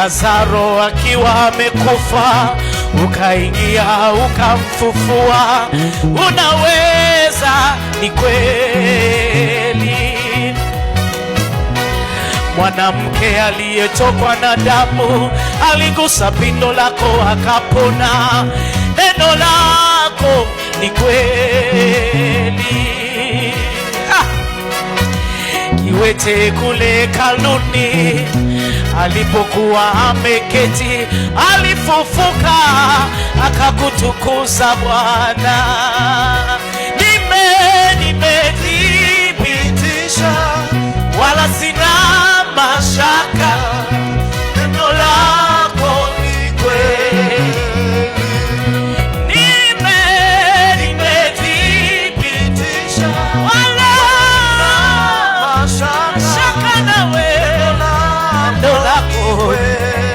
Lazaro akiwa amekufa ukaingia ukamfufua. Unaweza, ni kweli. Mwanamke aliyetokwa na damu aligusa pindo lako akapona. Neno lako ni kweli. kiwete kule kaluni alipokuwa ameketi, alifufuka akakutukuza Bwana. Nime nimedhibitisha, wala sina mashaka, neno 不会。